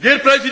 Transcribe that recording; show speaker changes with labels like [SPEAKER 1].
[SPEAKER 1] Dear President,